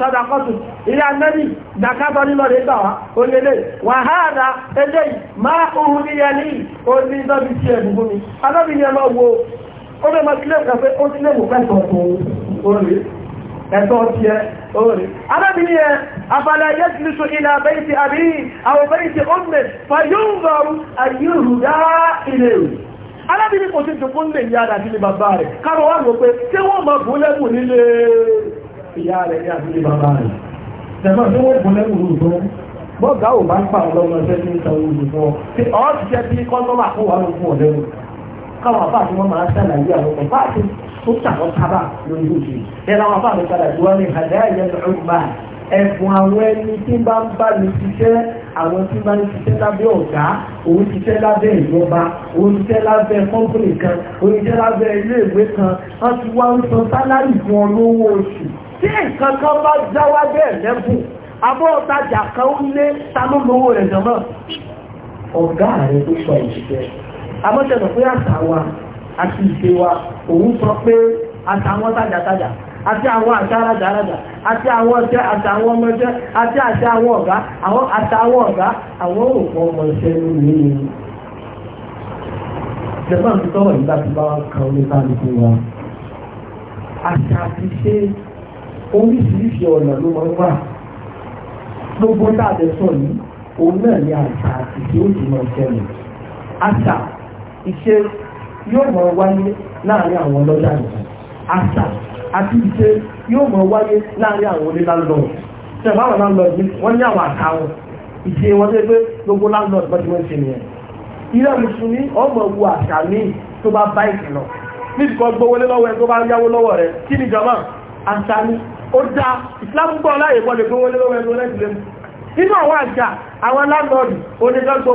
[SPEAKER 1] sadakọ́tù ilé anẹ́bì ìdàkátọ́ nílọ rẹ̀ gbà wá onílé wàhálà eléyìí máa ohun ní ẹni oní lọ́bí tí ẹ̀bùgbùn mi alọ́bí ni ẹmọ wo ó fẹ́ mọ́ sílé kan pé ó sí lè mú pẹ́sọ̀ orí ẹ̀tọ́ ti ẹ orí alọ́bí ni ẹ afalẹ̀ yẹ́ ti lùsù ilẹ̀ abẹ́yìí ti àbí àwọn bẹ́yìí ti ó mẹ́ fayúngọrù ayéhùdá ilé alábìnrin kò sí jùkú ń lè yára sí ní bàbá rẹ̀ káàrọ̀ wà ló pé tí wọ́n mọ̀ bú lẹ́bù nílé ìyá rẹ̀ ní àbílé bàbá rẹ̀ tẹ̀mọ́ tí wọ́n kún lẹ́wù rú tó bọ́gá ò bá ń pa àwọn ọmọ ẹgbẹ́ ní ìtàn òru fún ọ tí ọ ti jẹ́ bí kọ́ńtọ́mà kó wà lókun ọ̀lẹ́wù káwọn àbá tí wọ́n máa ń ṣàlàyé àwọn ọmọ bá ti tó tàwọn sábà lórí òkè ẹ láwọn àbá mi padà jù wá ní ìhàlẹ́ àyẹ̀ lọ́gbà ẹ̀bùn àwọn ẹni tí bá ń bá mi ṣiṣẹ́ àwọn tí bá ń ṣiṣẹ́ lábẹ́ ọ̀gá òun ṣiṣẹ́ lábẹ́ ìjọba òun ṣiṣẹ́ lábẹ́ kọ́ńpìnì kan òun ṣiṣẹ́ lábẹ́ ilé ìwé kan wọ́n ti wá ń san sálárì fún ọ lówó oṣù tí nǹkan kan bá bẹ́ẹ̀ lẹ́bù abọ́ ọ̀tajà kan ó lé ta lówó rẹ̀ jọmọ́ ọ̀gá rẹ̀ tó sọ ìṣẹ́ abọ́sẹ̀dọ̀ pé àṣà àti ìṣe wa òun sọ pé àtàwọn tajàtajà àti àwọn àti àwọn ọjẹ́ àtàwọn àti àwọn ọ̀gá àtàwọn ọ̀gá àwọn òpó ọmọ iṣẹ́ lónìí ni oríṣiríṣi ọ̀nà ló máa ń wà gbogbo dáadé sọ òun náà ni àṣà àti tí ó ti máa ṣẹlẹ̀ àṣà ìṣe yóò máa wáyé láàrin àwọn ọlọ́jà nìkan àṣà àti ìṣe yóò máa wáyé láàrin àwọn onílàlọ́ọ̀ ṣẹ̀fọ́ àwọn landlord ni wọ́n ní àwọn àṣà wọn ìṣe wọn tó pé gbogbo landlord bọ́jú wọn ṣe nìyẹn ilé mùsùlùmí ọmọ wu àṣà míì tó bá bá ìkìlọ̀ níbi kan gbówó lé lọ́wọ́ ẹ tó bá yáwó lọ́wọ́ rẹ kí ni jọmọ́ ó dá ìsìlámù gbọ́ láyé wọlé gbówó lé lọ́wọ́ ẹgbẹ́ lẹ́gbẹ̀ẹ́ inú àwọn àjà àwọn aláàlọ́ọ̀dù onígbàgbọ́